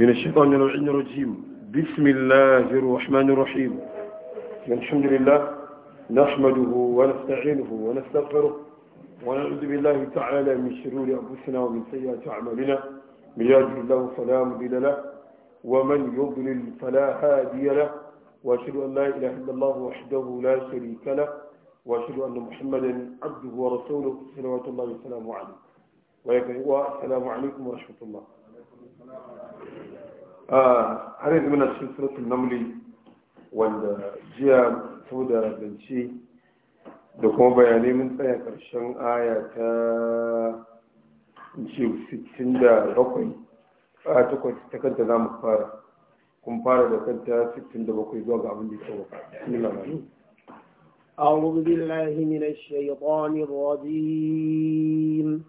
من الشيطان الرجيم بسم الله الرحمن الرحيم الحمد لله نحمده ونستعينه ونستغفره ونعوذ بالله تعالى من شرور أنفسنا ومن سيئات أعمالنا من يهده الله فلا مضل له ومن يضلل فلا هادي له وأشهد أن لا إله إلا الله وحده لا شريك له وأشهد أن محمدا عبده ورسوله صلوات الله وسلامه عليه وعليكم السلام عليكم ورحمة الله Ah, har yanzu muna cikin suratul namli wanda jiya to da zance da kuma bayanai mun tsaya karshen aya ta ce 67 a takwas ta kanta za mu fara kun fara da kanta 67 zuwa ga abin da ya tsawo أعوذ بالله من الشيطان الرجيم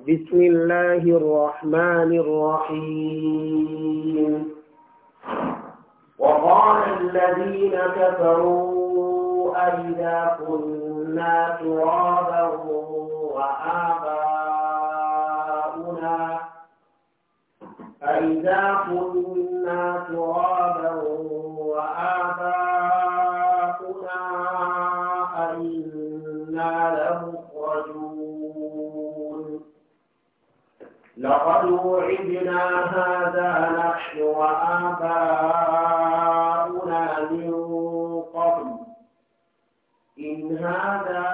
بسم الله الرحمن الرحيم وقال الذين كفروا أئذا كنا ترابا وآباؤنا أئذا كنا ترابا وآباؤنا لقد وعدنا هذا نحن وآباؤنا من قبل إن هذا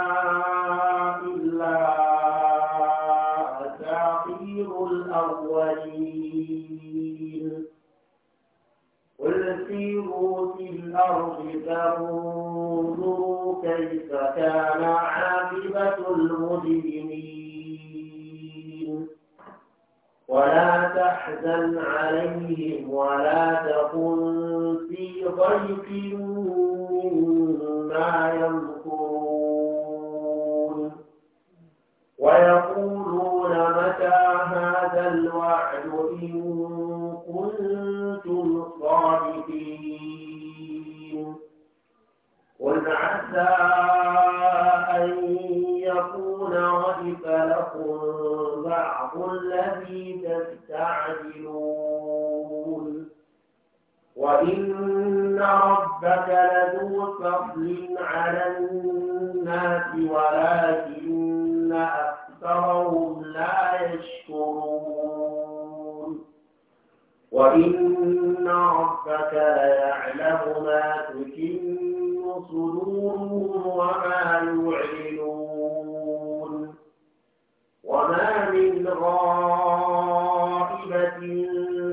إلا أساطير الأولين قل سيروا في الأرض فانظروا كيف كان عاقبة المجرمين ولا تحزن عليهم ولا تكن في ضيق مما يمكرون ويقولون متى هذا الوعد إن كنتم صادقين قل عسى أن يكون ردف لكم بعض الذي تستعجلون وإن ربك لذو فضل على الناس ولكن أكثرهم لا يشكرون وإن ربك ليعلم ما تكن صدورهم وما يعلنون وما من غائبة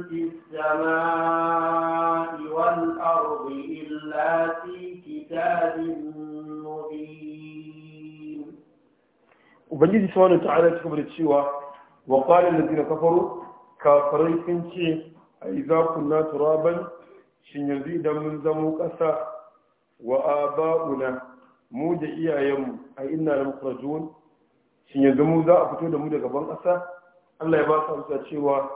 في السماء والأرض إلا في كتاب مبين وبنجي سبحانه وتعالى تكبر الشيوى وقال الذين كفروا كافرين كنشي إذا كنا ترابا شنزيد من زموك أسا وآباؤنا mu da iyayenmu a ina da makarajun shin yanzu mu za a fito da mu daga ban ƙasa Allah ya ba su amsa cewa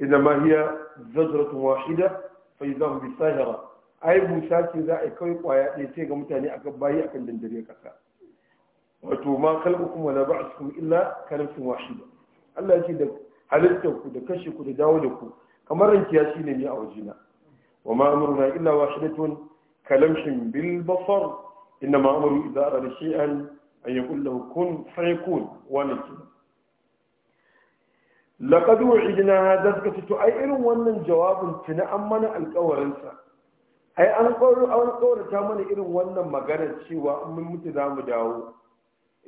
idan ma hiya zajratun wahida fa mu bi sahira ai busa ce za a yi kai kwaya ɗaya ce ga mutane kan bayi kan dandare ƙasa wato ma ba wala ba'thukum illa kalamsun wahida Allah ya ce da halittar ku da kashe ku da dawo da ku kamar rankiya shine ne a wajena wa ma amruna illa wahidatun kalamshin bil basar inna ma amru idza arada shay'an an yaqul lahu kun fayakun wannan ke laqad wu'idna hadha zakatu ai irin wannan jawabin tuna an mana alƙawarin sa ai an kawo an mana irin wannan maganar cewa in mun mutu za mu dawo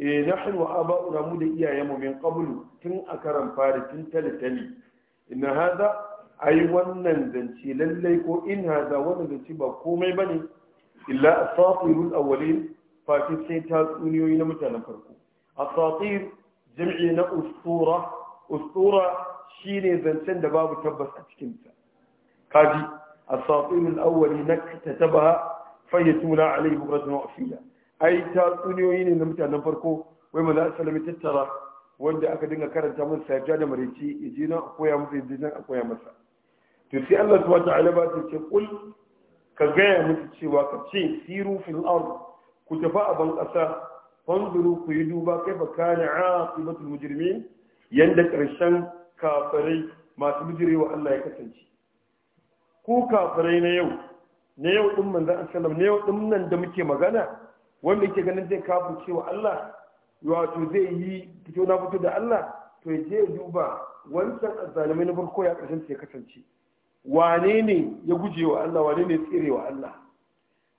eh nahnu wa aba'una mu da mu min qablu tun a karan fari tun talitali inna hadha ai wannan zance lallai ko in hadha wannan zance ba komai bane illa asatirul awwalin fati sai tatsuniyoyi na mutanen farko asatir jam'i na ustura ustura shine zancen da babu tabbas a cikin sa kaji asatir al-awwali naktatabaha fayyatuna alayhi bukratan wa asila ai tatsuniyoyi ne na mutanen farko wai manzo sallallahu tattara wanda aka dinga karanta masa safiya da marici yaji nan koya masa yaji nan koya masa to sai Allah subhanahu wa ta'ala ba ta ce kul ka gaya musu cewa ka ce siru fil ard ku tafi a ban ƙasa fanzuru ku yi duba kai fa a aqibatul mujirmi yadda ƙarshen kafirai masu wa Allah ya kasance ku kafirai na yau na yau din manzon sallam na yau ɗin nan da muke magana wanda yake ganin zai kafu cewa Allah wato zai yi fito na fito da Allah to ya je duba wancan azzalumai na farko ya ƙarshen ya kasance wane ne ya guje wa Allah wane ne ya tsire wa Allah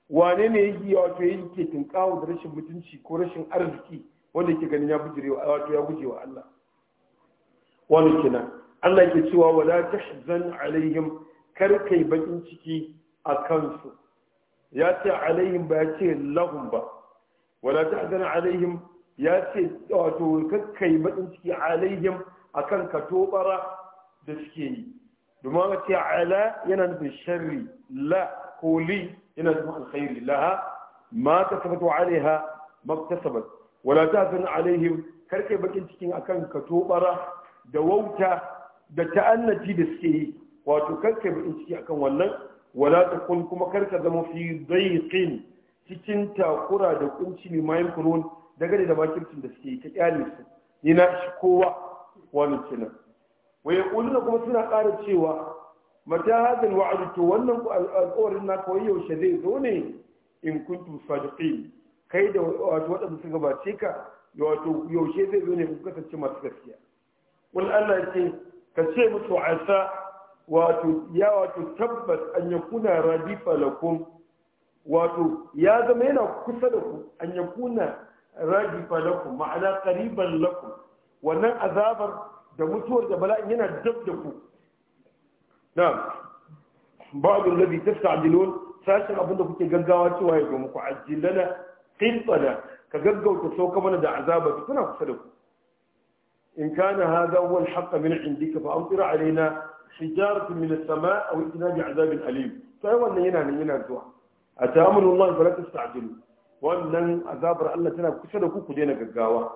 wane ne yi wato ya yake kawo da rashin mutunci ko rashin arziki wanda yake ganin ya bujire wato ya bujewa Allah wani kenan Allah yake cewa wala tahzan alaihim kar kai bakin ciki a kansu ya ce alaihim ba ya ce lahum ba wala tahzan alaihim ya ce wato kar kai bakin ciki alaihim akan katobara da suke yi domin ce ala yana nufin sharri la ko li ina nufin alkhairi laha ma kasabatu alaiha maktasabat wala tahzan alaihim karkai bakin cikin akan ka tobara da wauta da ta'annati da suke yi wato karkai bakin ciki akan wannan wala takun kuma karka zama fi dayqin cikin takura da kunci mai mayin kunun daga da makircin da suke yi ta kyale su Ina shi kowa wani kenan waye kuma suna ƙara cewa mata hadal wa'd to wannan alƙawarin na kawai yaushe zai zo ne in kuntum sadiqin kai da wato waɗanda suka bace ka wato yaushe zai zo ne in kasance masu gaskiya wal Allah ce ka ce musu asa wato ya wato tabbas an yakuna radifa lakum wato ya zama yana kusa da ku an yakuna radifa lakum ma'ana qariban lakum wannan azabar da mutuwar da bala'in yana dab da ku na ba'adun labi tafsa ajilun sashen abinda kuke gaggawa cewa ya ga muku ajilana qintana ka gaggauta sauka mana da azaba ta tana kusa da ku in kana hadha huwa al-haqq min indika fa amtir alaina hijaratan min as-sama' aw itina azabin alim sai wannan yana nan yana zuwa atamuru Allah fa wannan azabar Allah tana kusa da ku ku daina gaggawa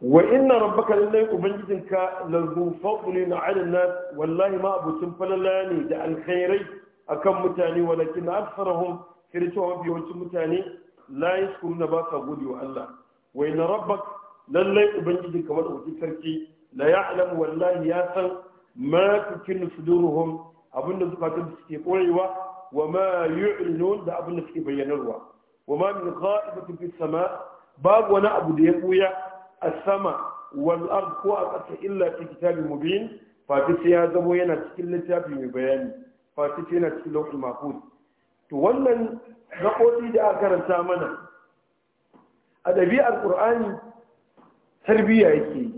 wa inna rabbaka lallai ubangijinka lazu fadli na alin nas wallahi ma abucin falala ne da alkhairai akan mutane walakin aksarahum kirce wa yawancin mutane la na ba sa gode wa Allah wa inna rabbak lallai ubangijinka madaukakin sarki la alamu wallahi ya san ma tukin suduruhum abinda zukatan suke koyewa wa ma yu'linun da abinda suke bayyanarwa wa ma min qa'ibatin fis sama babu wani abu da ya buya asama wal ard ko a ƙasa illa fi kitabi mubin fatisi ya zamo yana cikin littafi mai bayani fatisi yana cikin lauhul mahfuz to wannan raƙoƙi da aka karanta mana a ɗabi'ar qur'ani tarbiyya yake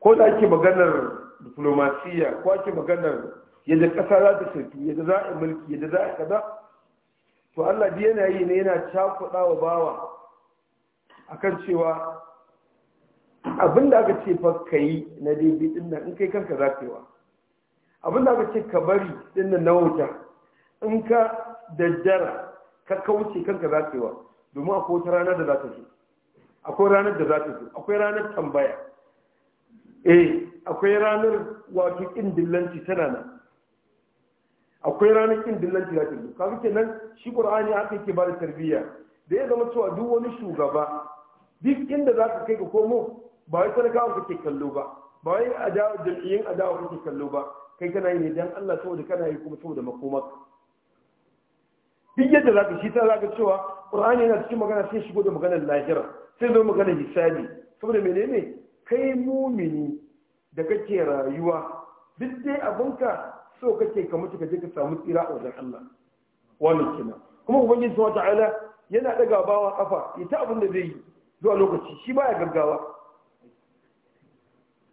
ko da ake maganar diplomasiya ko ake maganar yadda ƙasa za ta shirki yadda za a mulki yadda za a kaza to allah biya na yi ne yana cakuɗa bawa akan cewa abinda aka ce fa ka yi na daidai din nan in kai kanka za ka yi wa Abinda aka ce ka bari din nan na wuta in ka daddara ka kauce kanka za ka yi wa domin akwai wata rana da za ta zo akwai ranar da za ta zo akwai ranar tambaya eh akwai ranar wato kin dillanci tana nan akwai ranar kin dillanci za ta zo kafin kenan shi qur'ani aka yake ba da tarbiyya da ya zama cewa duk wani shugaba duk inda za ka kai ka komo ba wai talakawa kake kallo ba ba wai adawa jam'iyyun adawa kake kallo ba kai kana yi ne dan Allah saboda kana yi kuma saboda makomaka duk yadda za ka shi ta za ka cewa ƙur'ani yana cikin magana sai shigo da maganar lahira sai zo maganar hisabi saboda menene kai mumini da kake rayuwa duk dai abinka so kake ka mutu ka je ka samu tsira a wajen Allah wannan kina kuma ubangiji subhanahu ta'ala yana daga bawa kafa ita abin da zai yi zuwa lokaci shi ba ya gaggawa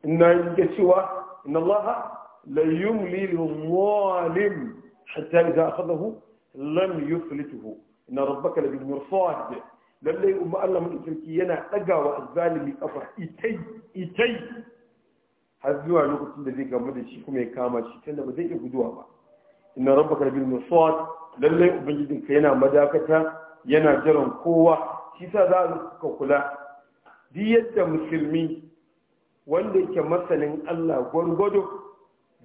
ina yake cewa inna Allah la yumli lil-zalim hatta idza akhadahu lam yuflituhu inna rabbaka labil mirsad lalle umma Allah mun sarki yana dagawa azzalimi kafa itai itai har zuwa lokacin da zai gamu da shi kuma ya kama shi tunda ba zai iya guduwa ba inna rabbaka labil mirsad lalle ubangijinka yana madakata yana jiran kowa shi sa za ka kula duk yadda musulmi wanda yake masanin Allah gwargwado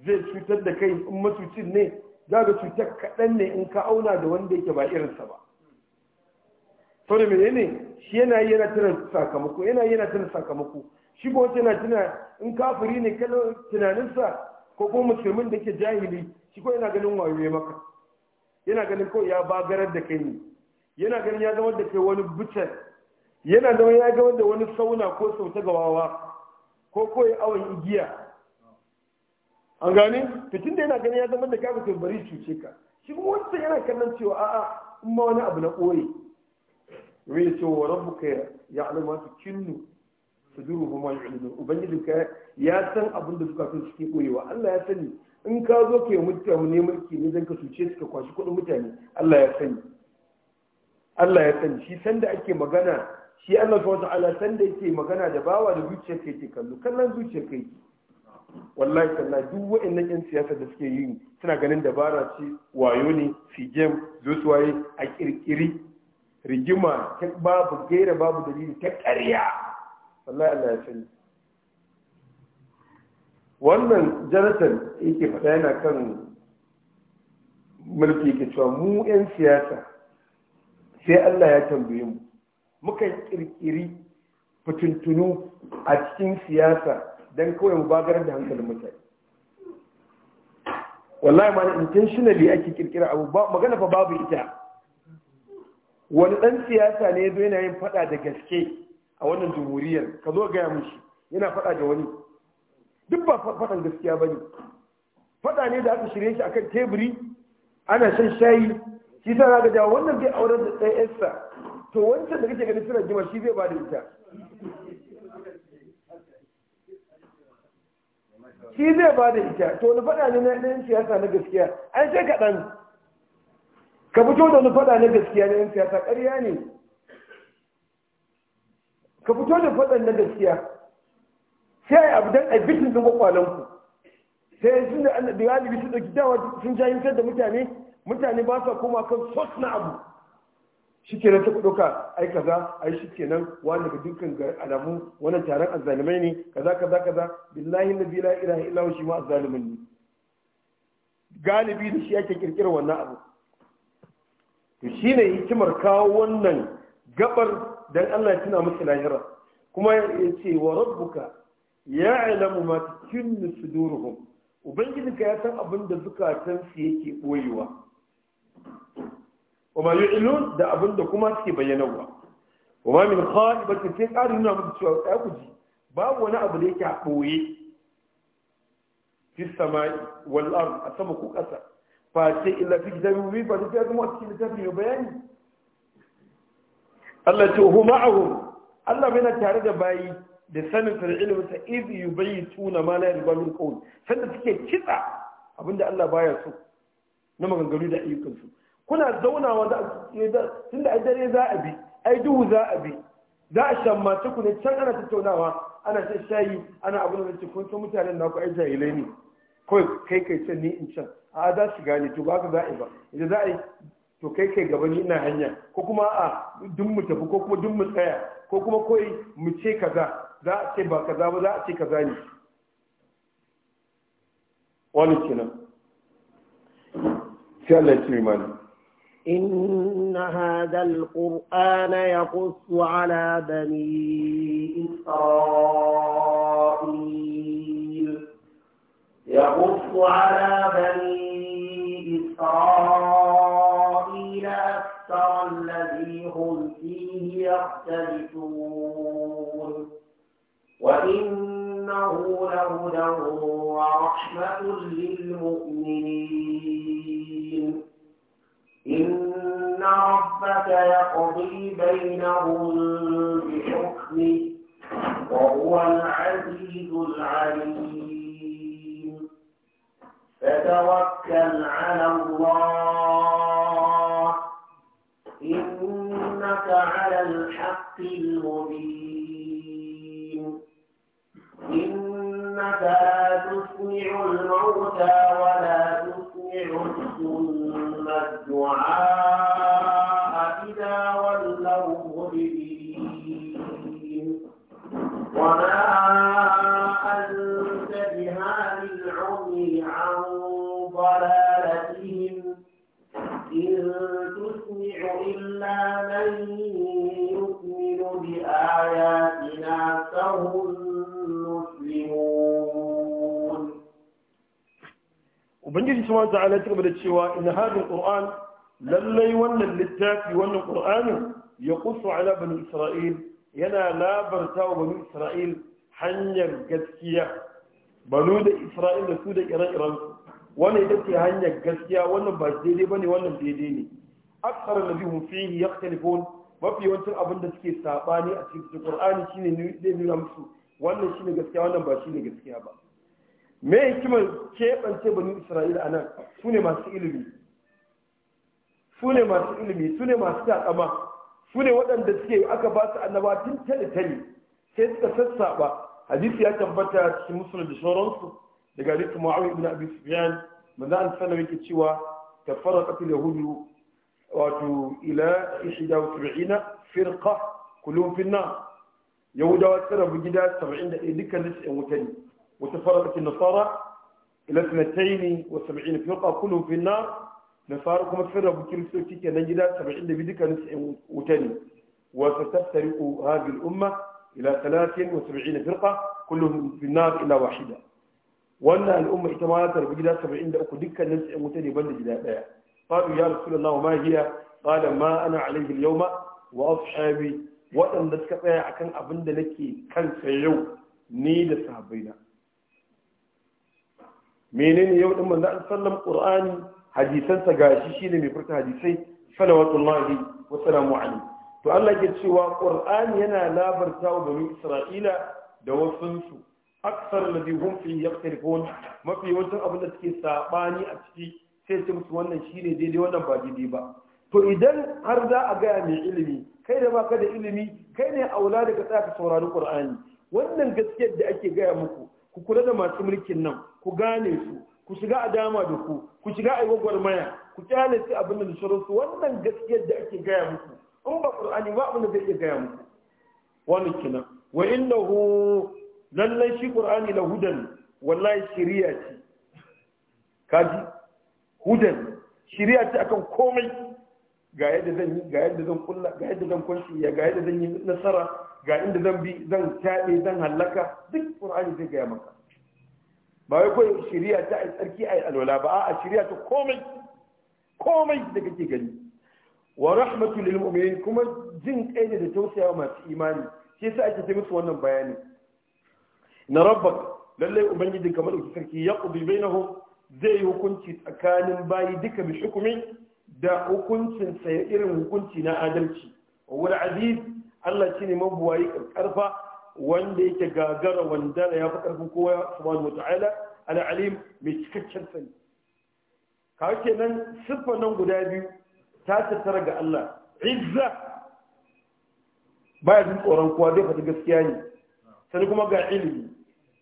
zai cutar da kai in matucin ne za ga cutar kaɗan ne in ka auna da wanda yake ba irinsa ba sau da ne shi yana yana tunan sakamako yana yana tunan sakamako shi ko yana tuna in kafiri ne kallon tunaninsa ko ko musulmin da ke jahili shi ko yana ganin wayoyi maka yana ganin ko ya bagarar da kai ne yana ganin ya zama da kai wani bucen yana zama ya gama da wani sauna ko sauta gawawa ko koyi awon igiya an gane fitin da yana ganin ya zama da kafin kai bari cuce ka shi kuma wancan yana kallon cewa a'a in ma wani abu na koyi wai ya ce wa ka ya alama su kinnu su duru kuma yu'linu ubangijin ka ya san abin da suka fi suke wa. Allah ya sani in ka zo ka yi mutane mulki ki ne zan ka cuce suka kwashi kuɗin mutane Allah ya sani Allah ya sani shi sanda ake magana shi Allah subhanahu wata'ala sanda yake magana da bawa da zuciyar kai ke kallo kallon zuciyar kai wallahi sallah duk wa'annan yan siyasa da suke yi suna ganin dabara ce wayo ne figem zo su waye a kirkiri rigima ta babu gaira babu dalili ta ƙarya wallahi Allah ya sani wannan janatan yake faɗa yana kan mulki ke cewa mu 'yan siyasa sai Allah ya tambaye mu muka kirkiri fitintunu a cikin siyasa don kawai mu mubagar da hankalin mutane wallahi ma intentionally ake kirkira abu magana fa babu ita wani dan siyasa ne yazo yana yin fada da gaske a wannan jamhuriyar ka zo gaya mishi yana fada da wani duk ba fadan gaskiya bane fada ne da aka shirye shi akan teburi ana shan shayi shi ta ga jawo wannan zai auren da ɗaya yarsa to wancan da kake ganin suna jima shi zai ba da ita shi zai ba da ita to wani faɗa ne na ɗayan siyasa na gaskiya an sai kaɗan ka fito da wani faɗa na gaskiya na ɗayan siyasa ƙarya ne ka fito da faɗan na gaskiya sai a yi abu don a bitin ɗin kwakwalonku sai sun da galibi su ɗauki dawa sun jayintar da mutane mutane ba sa koma kan sos na abu shi nan ta ɗauka ai kaza ai shi nan wani ga dukkan alamu wannan taron azalimai ne kaza kaza kaza billahi na la ilaha illa shi ma azalimin ne galibi da shi ake kirkirar wannan abu to yi hikimar kawo wannan gabar dan Allah ya tuna musu lahira kuma ya ce wa rabbuka ya'lamu ma tukinnu suduruhum ubangijinka ya san abin da zukatansu yake boyewa wa ma yu'lun da abin da kuma suke bayyanarwa wa ma min khalibatin sai ƙarin nuna muku cewa ya ku Ba wani abu da yake a ɓoye fi samai wal a sama ko ƙasa fa sai illa fi kitabi mubin fa sai kuma a cikin littafi mai bayani Allah ce hu ma'ahum Allah yana tare da bayi da sanin sa da ilimin sa iz yubayituna ma la yarda min qawl sanda suke kitsa abinda Allah baya so na maganganu da ayyukan su kuna zaunawa tun da dare za a bi ai duhu za a bi za a shammace ku ne can ana tattaunawa ana shan shayi ana abin da cikin kun mutanen na ku ai jahilai ne kawai kai kai can ni in can a za su gane to ba ka za a yi ba idan za a yi to kai kai gaba ni ina hanya ko kuma a duk mu tafi ko kuma duk mu tsaya ko kuma koyi mu ce kaza za a ce ba kaza ba za a ce kaza ne wani kenan sai Allah ya ci mai إن هذا القرآن يقص على بني إسرائيل يقص على بني إسرائيل أكثر الذي هم فيه يختلفون وإنه لهدى ورحمة للمؤمنين إن ربك يقضي بينهم بحكمه وهو العزيز العليم فتوكل على الله إنك على الحق المبين إنك لا تسمع الموتى ولا Allah ta'ala ta da cewa in hadin Qur'an lallai wannan littafi wannan Qur'anin ya kusa ala bani Isra'il yana labarta wa bani Isra'il hanyar gaskiya banu da Isra'il da su da ire-iren su wannan ita ce hanyar gaskiya wannan ba daidai ba ne, wannan daidai ne aksar nabi hum fihi yakhtalifun mafi yawancin abin da suke saɓani a cikin Qur'ani shine ne nuna musu wannan shine gaskiya wannan ba shine gaskiya ba me hikimar keɓance bani isra'ila a nan su ne masu ilimi su ne masu ilimi su ne masu taƙama su ne waɗanda suke aka ba su annaba tun tale-tale sai suka sassaɓa hadisi ya tabbata cikin musulun da shoransu daga hadisin mu'awiyah ibn abi sufyan manzo an sanar yake cewa tafarraqat da yahudu wato ila 71 firqa kullum fi an-nar yahudawa tsara gida 71 dukkan su 'yan wuta ne وتفرقت النصارى إلى اثنتين وسبعين فرقة كلهم في النار نصارى كما فرقوا كريستوتي كان جدا سبعين بدك نسع وتاني وستفترق هذه الأمة إلى ثلاث وسبعين فرقة كلهم في النار إلا واحدة وأن الأمة اتمالت بجدا سبعين دقو دكا نسع وتاني بل جدا قالوا يا رسول الله ما هي قال ما أنا عليه اليوم وأصحابي وأن نسكت أكن أبن لك كان سيعو نيد صحابينا menene yau din manzo sallam qur'ani hadisan sa gashi shine mai furta hadisai salawatullahi wa salamu alaihi to Allah ke cewa qur'ani yana labarta wa bani isra'ila da wasun su aksar ladhi hum fi yaqtarifun mafi wancan abin da suke sabani a ciki sai su musu wannan shine daidai wannan ba daidai ba to idan har za a gaya mai ilimi kai da baka da ilimi kai ne aula daga tsaya ka saurari qur'ani wannan gaskiyar da ake gaya muku ku kula da masu mulkin nan ku gane su ku shiga a dama da ku ku shiga a gwagwar maya, ku kyale su abin da su wannan gaskiyar da ake gaya muku in ba qur'ani ba abin da zai gaya muku wannan kenan wa innahu lallai shi qur'ani la hudan wallahi shirya ce kaji hudan shiriya ce akan komai ga yadda zan yi ga yadda zan kulla ga yadda zan kwanci ya ga yadda zan yi nasara ga inda zan bi zan taɗe zan hallaka duk qur'ani zai gaya maka ba wai kawai shari'a ta ai tsarki ai alwala ba a'a shari'a ta komai komai da kake gani wa rahmatu lil mu'minin kuma jin kai da tausayawa masu imani shi yasa ake ta musu wannan bayani na rabbak lallai ubangijin kamar sarki ya ƙubi bainahum zai yi hukunci tsakanin bayi duka bi hukumin da hukuncinsa ya irin hukunci na adalci wal aziz Allah shine mabuwayi karfa wanda yake gagara wanda ya fi karfin kowa subhanahu wataala al alim mai cikakken sani kawai kenan siffa nan guda biyu ta tattara ga Allah izza baya jin tsoron kowa zai faɗi gaskiya ne sai kuma ga ilimi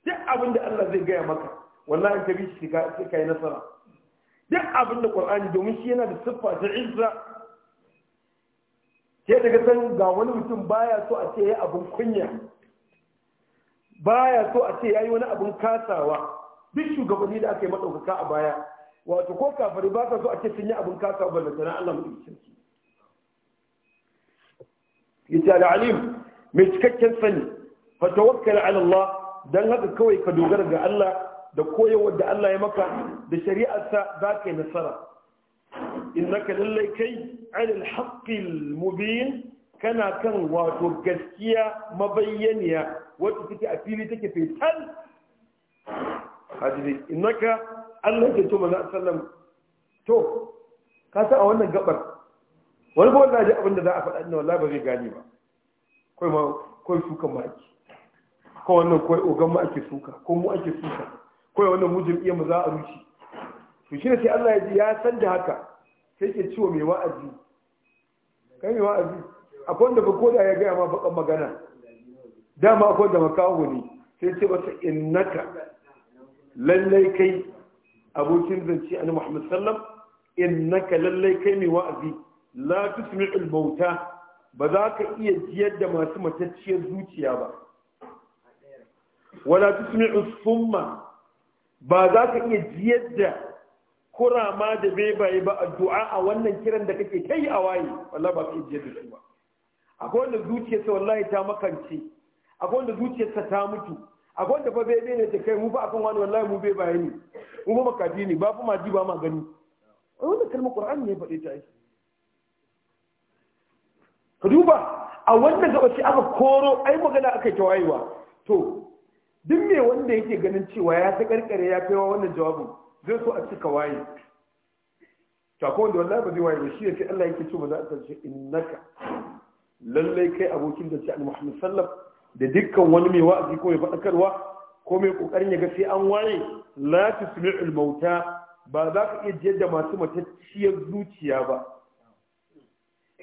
duk abin da Allah zai gaya maka wallahi ka bi shi ka yi nasara duk abin da qur'ani domin shi yana da siffa ta izza sai daga san ga wani mutum baya so a ce ya abin kunya baya so a ce yi wani abin kasawa duk shugabanni da aka yi maɗaukaka a baya wato ko kafari ba ka so a ce sun yi abin kasawa ba ballantana Allah mu sarki yace da alim mai cikakken sani fa tawakkal ala Allah dan haka kawai ka dogara ga Allah da koyarwar da Allah ya maka da shari'arsa za ka yi nasara in naka lallai kai alil haqqil mubin kana kan wato gaskiya mabayyaniya wacce take a fili take fetal in naka Allah ya to manzo sallam to ka sa a wannan gabar wani ba wanda ji abin da za a faɗa ina wallahi ba zai gane ba kai ma kai suka ma ake ko wannan kai ogan ma ake suka ko mu ake suka kawai wannan mu jam'iyyar mu za a ruci. to shi ne sai Allah ya ji ya san da haka sai ke ciwo mai wa'azi kai mai wa'azi akwai wanda ba ko da ya gaya ma bakan magana dama akwai wanda makaho ne sai ce wata innaka lallai kai abokin zance annabi Muhammad sallam innaka lallai kai mai wa'azi la tusmi'ul mauta ba za ka iya jiyar da masu matacciyar zuciya ba wala tusmi'u summa ba za ka iya jiyar da kurama da bebaye ba addu'a a wannan kiran da kake yi a waye wallahi ba ka iya jiyar da su ba akwai wanda zuciyarsa wallahi ta makance akwai wanda zuciyarsa ta mutu akwai wanda fa bebe ne ta kai mu ba akan wani wallahi mu bebaye ne mu ba makafi ne ba fa ma ji ba ma gani wannan kalmar qur'ani ne faɗe ta yi ka duba a wannan gaba sai aka koro ai magana aka ta wayewa to duk me wanda yake ganin cewa ya ta karkare ya kaiwa wannan jawabin zai so a cika waye tako ko wanda wallahi ba zai waye ba shi yake Allah yake cewa za a tace innaka lallai kai abokin da ce annabi Muhammad sallallahu da dukkan wani mai wa'azi ko mai faɗakarwa ko mai kokarin ya ga sai an waye la tusmi'ul mauta ba za ka iya jiyar da masu matacciyar zuciya ba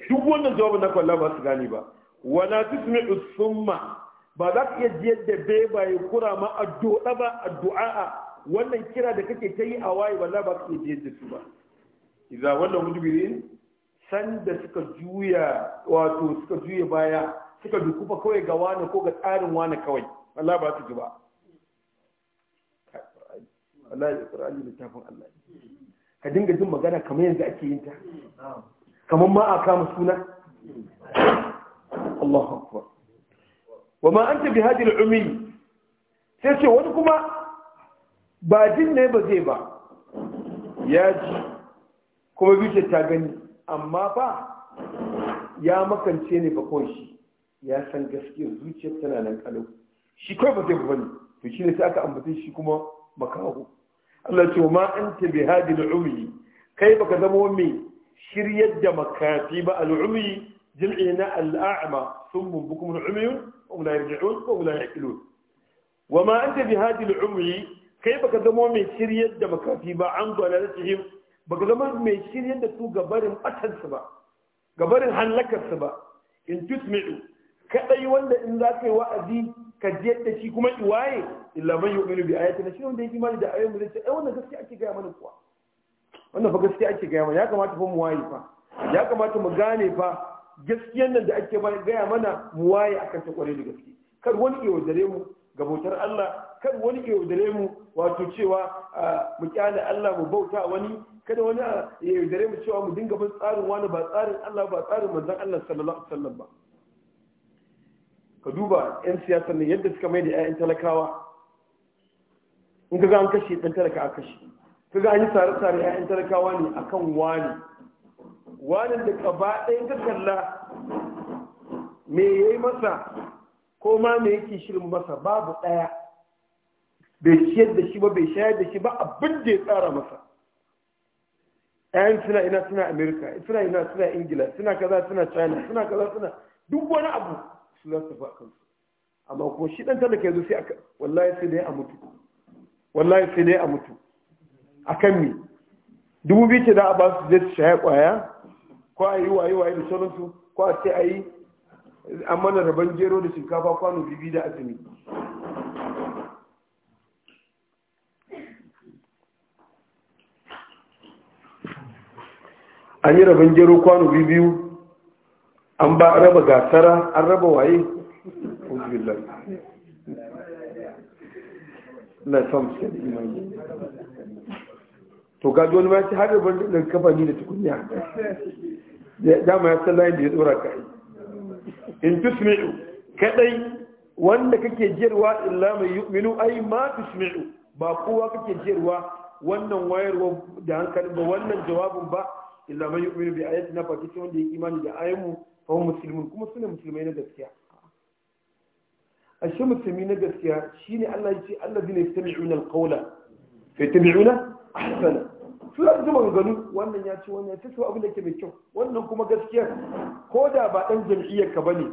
duk wannan jawabin na wallahi ba su gane ba wala tusmi'us summa ba za ka iya jiyar da bebaye kura ma addu'a ba addu'a wannan kira da kake ta yi a waye ba za ba ka iya jiyar da su ba Iza wannan mudbirin san da suka juya wato suka juya baya suka dukufa kawai ga wani ko ga tsarin wani kawai Allah ba su ji ba Allah ya Qur'ani littafin Allah ka dinga jin magana kamar yanzu ake yin ta kamar ma a kama suna Allahu akbar wa ma anta bi umi sai ce wani kuma ba jin ne ba zai ba ya ji kuma zuciya ta gani amma fa ya makance ne bakon shi ya san gaskiyar zuciyar tana nan kalau shi kai ba zai ba bane to shi ne sai aka ambace shi kuma makaho Allah ce ma anta bi hadil umi kai baka zama mai shiryar da makafi ba al'ummi جمعنا الأعمى ثم بكم العمي هم لا يرجعون وهم لا يعقلون وما أنت بهذه العمي كيف كذبوا من شرية دمكاتي با عن ضلالتهم بكذبوا من شرية دسو قبار أتهل سبا قبار هنلك سبا إن تسمعوا كأي ولا إن ذاك وأذي كجيت تشي كما إواي إلا من يؤمن بآياتنا شنو ده يجمال ده آية مدرسة أي وانا قصتي أكي قيامنا كوا وانا فقصتي أكي قيامنا يا كما تفهم واي فا يا كما تمغاني فا gaskiyan nan da ake gaya mana mu waye akan ta kware da gaske kar wani ke yaudare mu ga bautar Allah kar wani ke yaudare mu wato cewa mu kyale Allah mu bauta wani kada wani ya yaudare mu cewa mu dinga bin tsarin wani ba tsarin Allah ba tsarin manzon Allah sallallahu alaihi wasallam ba ka duba yan siyasar ne yadda suka mai da 'ya'yan talakawa in ka ga an kashe dan talaka a kashe ka ga an yi tsare-tsare 'ya'yan talakawa ne akan wani wani da gaba ɗayan ka kalla me ya yi masa ko ma me yake shirin masa babu ɗaya bai ciyar da shi ba bai shayar da shi ba abin da ya tsara masa ɗayan suna ina suna amerika suna ina suna ingila suna kaza suna china suna kaza suna duk wani abu su za su fa'a kansu amma kuma shi ɗan talaka yanzu sai aka wallahi sai dai a mutu wallahi sai dai a mutu kan me dubu biyu ce za a ba su je su shaya kwaya ko a yi waye waye da sauransu ko a ce a yi an mana rabon gero da shinkafa kwano bibi da azumi an yi rabon gero kwano bibiyu an ba raba gasara an raba waye ƙunzubillar na samsa da imani to gaji wani ma ya ce har rabon da kafa ni da tukunya dama ya san layin da ya tsora ka in tusmi'u kadai wanda kake jerwa illa mai yu'minu ai ma tusmi'u ba kowa kake jerwa wannan wayarwa da hankali ba wannan jawabin ba illa mai yu'minu bi ayati na fati wanda ya imani da ayyumu fa musulmin kuma suna musulmai na gaskiya ashe musulmi na gaskiya shine Allah ya ce allazina yastami'una alqawla fa yattabi'una ahsana su zuma su ganu. wannan ya ci, wannan ya ce abin da ke mai kyau wannan kuma gaskiyar ko da ba ɗan jam'iyyar ka bane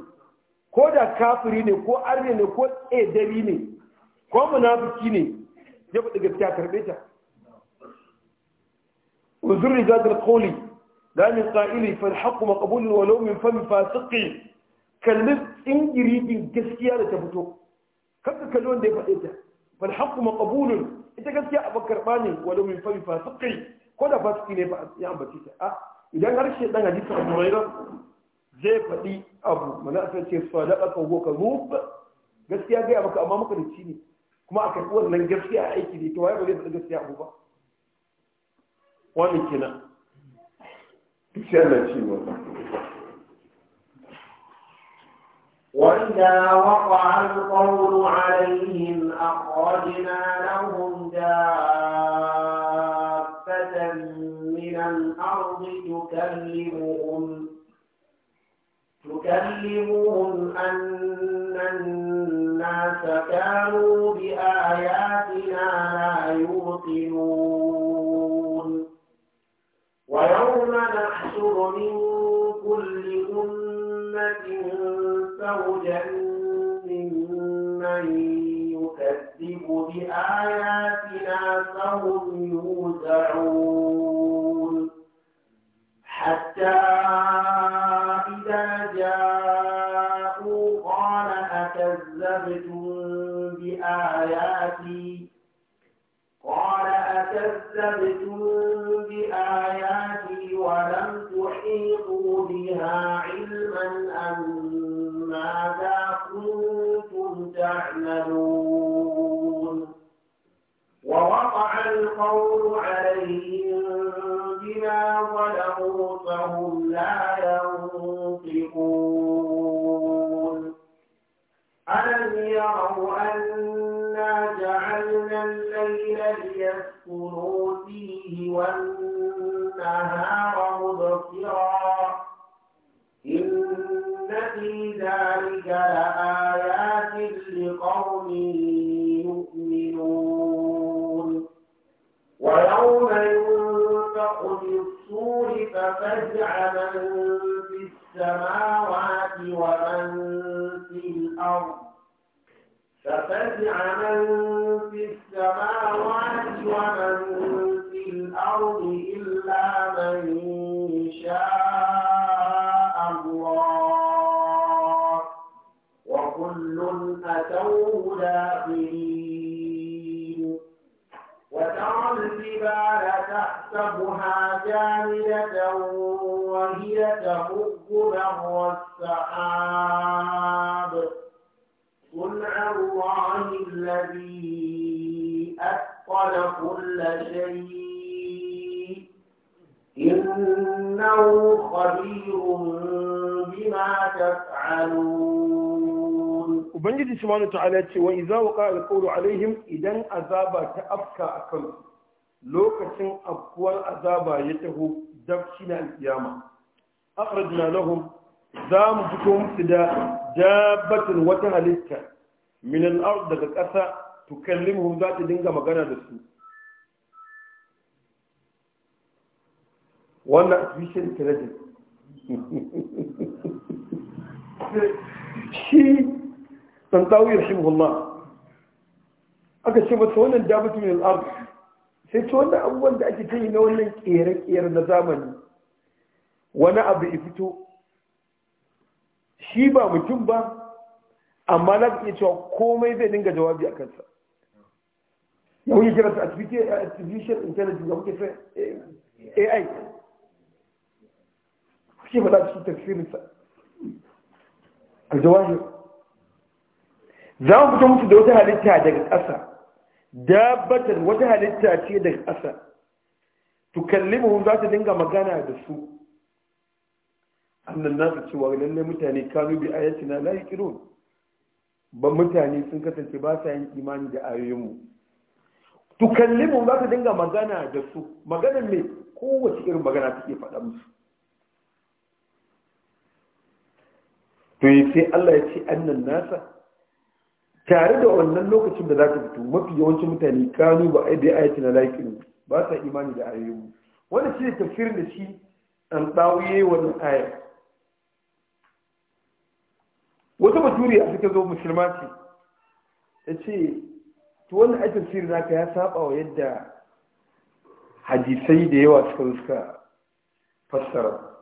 ko da kafiri ne ko arne ne ko tsedari ne ko munafiki ne ya faɗi gaskiya karɓe ta uzur rijadul qawli da min qa'ili fal haqqu maqbul wa law min fam fasiqi kalmis tsingiri gaskiya da ta fito kanka kallon da ya faɗe ta fal haqqu maqbulun ita gaskiya abin karɓa ne walau mai fari fasikai ko da fasiki ne ya ambace ta a idan har shi ɗan hadisi abu hurairah zai faɗi abu mana asar ce su sadaqa ka go ka rub gaskiya ga maka amma maka da ci ne kuma a karɓi wannan gaskiya a aiki ne ta waye ba zai faɗi gaskiya abu ba wani kenan sai Allah shi wannan وإذا وقع القول عليهم أخرجنا لهم دابة من الأرض تكلمهم تكلمهم أن الناس كانوا بآياتنا لا يوقنون ويوم نحشر من زوجا ممن يكذب بآياتنا فهم يوزعون حتى تعملون ووقع القول عليهم بما ظلموا فهم لا ينطقون ألم يروا أنا جعلنا الليل ليسكنوا فيه والنهار مبصرا إن في ذلك لآية نزع من في السماوات ومن في الأرض ففزع من في السماوات ومن في الأرض إلا من شاء الله وكل أتوه داخلين الجبال تحسبها جامدة وهي تمر مر السحاب صنع الله الذي أثقل كل شيء إنه خبير بما تفعلون وبنجد سبحانه وتعالى وإذا وقع القول عليهم إذا أذاب تأفكى أكلهم lokacin afkuwar azaba ya taho dab shi na alkiyama akhrajna lahum za mu fito musu da dabbatin wata halitta min al-ard daga ƙasa tukallimuhum za ta dinga magana da su wannan artificial intelligence shi tantawi rahimahullah aka ce mata wannan dabbatin min al-ard sai ta wannan abubuwan da ake ta yi na wannan kere-kere na zamani wani abu ya fito shi ba mutum ba amma na iya cewa komai zai dinga jawabi a kansa ya yi kira su artificial intelligence da muke sai ai kuke za su tafsirinsa jawabi za mu fito mutu da wata halitta daga ƙasa dabbatar wata halitta ce da ƙasa tukallimuhum za ta dinga magana da su annan su cewa lallai mutane kanu bi na la yuqinun ba mutane sun kasance ba sa yin imani da ayoyinmu tukallimuhum za ta dinga magana da su Maganar me kowace irin magana take faɗa musu to sai Allah ya ce annan nasa tare da wannan lokacin da za ka fito mafi yawancin mutane kanu ba a da aiki na laifin ba sa imani da ayoyi wanda shi ne tafsirin da shi an tsawaye wannan aya wata baturi a suka zo musulma ce ta ce to wannan aikin sirri naka ya saba wa yadda hadisai da yawa suka suka fassara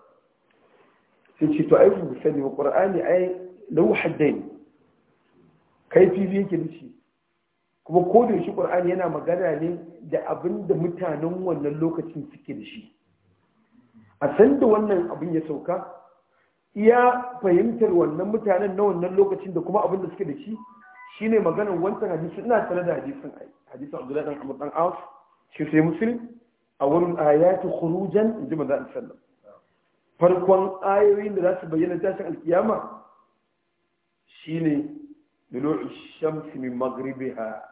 sai ce to aiki ku sani wa qur'ani ai lahu kaifi biyu yake da shi kuma ko da shi qur'ani yana magana ne da abinda da mutanen wannan lokacin suke da shi a san da wannan abin ya sauka iya fahimtar wannan mutanen na wannan lokacin da kuma abin da suke da shi shine maganar wancan hadisi ina tare da hadisin ai hadisin Abdullahi dan Amr dan shi sai Muslim a wurin ayatu khurujan maza manzo sallallahu farkon ayoyin da za su bayyana tashin alkiyama shine دلوع الشمس من مغربها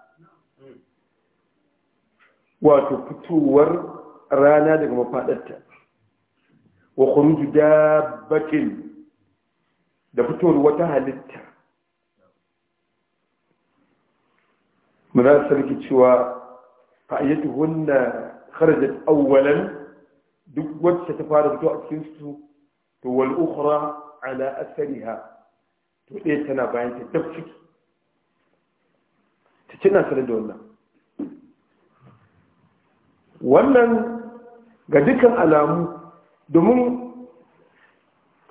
وتكتور رانا دك مفادتها وخروج دابة دكتور وتهلتها مناسبة كتشوى فأيتهن خرجت أولا دك وتستفارك تؤسسه والأخرى على أثرها تؤيتنا بعين تدفشك kina sanar da wannan wannan ga dukkan alamu domin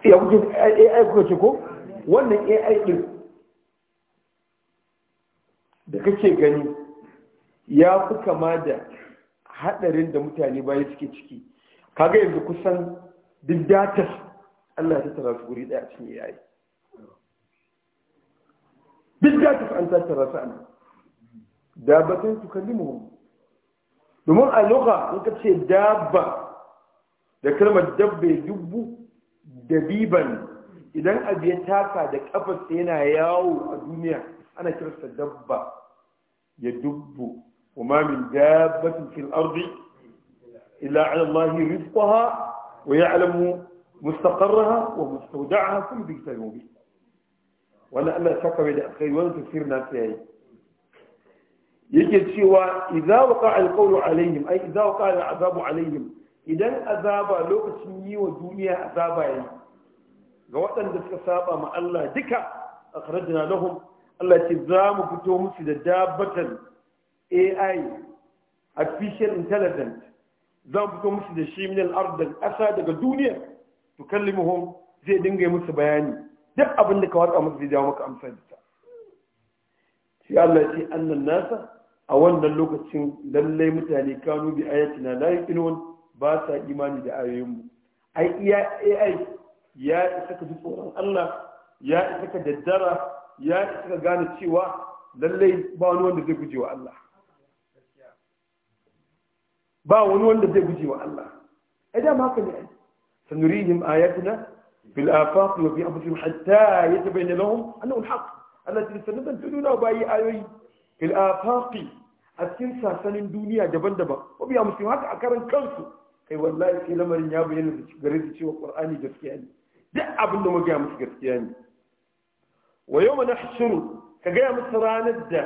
ya kuke ai kuka ce ko wannan ai din da kake gani ya fi kama da hadarin da mutane bayan suke ciki kaga yanzu kusan duk datar Allah ta tara su guri daya cikin yayi duk datar an tattara su ana nan dabbatin tukallimuhum domin a lugha in ka ce dabba da kalmar dabbe dubu dabiban idan abu ya taka da kafarsa yana yawo a duniya ana kirsa dabba ya dubbu kuma min dabbatin fil ardi illa ala Allah rizqaha wa ya'lamu mustaqarraha wa mustawda'aha kullu bi kitabin mubin wannan Allah ya saka mai da akai wannan tafsir na sai yake cewa idza waqa alqawlu alaihim ay idza idan azaba lokacin yi wa duniya azaba yayi ga waɗanda suka saba ma Allah duka akhrajna lahum Allah ce za mu fito musu da dabbatan AI artificial intelligence za mu fito musu da shi min al-ard ƙasa daga duniya tukallimuhum zai dinga musu bayani duk abin da ka watsa musu zai jawo maka amsa da ta shi Allah ce annan nasa a wannan lokacin lallai mutane kanu bi ayatina la yuqinun ba sa imani da ayoyinmu ai iya ai ya isa ka ji tsoron Allah ya isa ka daddara ya isa ka gane cewa lallai ba wani wanda zai gujewa Allah ba wani wanda zai gujewa Allah ai da ma ne ai sanurihim ayatina fil afaq wa fi anfusihim hatta yatabayyana lahum annahu alhaq Allah ya tsare da duniya ba yi ayoyi fil afaqi a cikin sasanin duniya daban-daban ko biya musulmi haka a karan kansu kai wallahi sai lamarin ya bayyana gare su cewa qur'ani gaskiya ne duk abin da muka musu gaskiya ne wa yawma nahshuru ka ga musu ranar da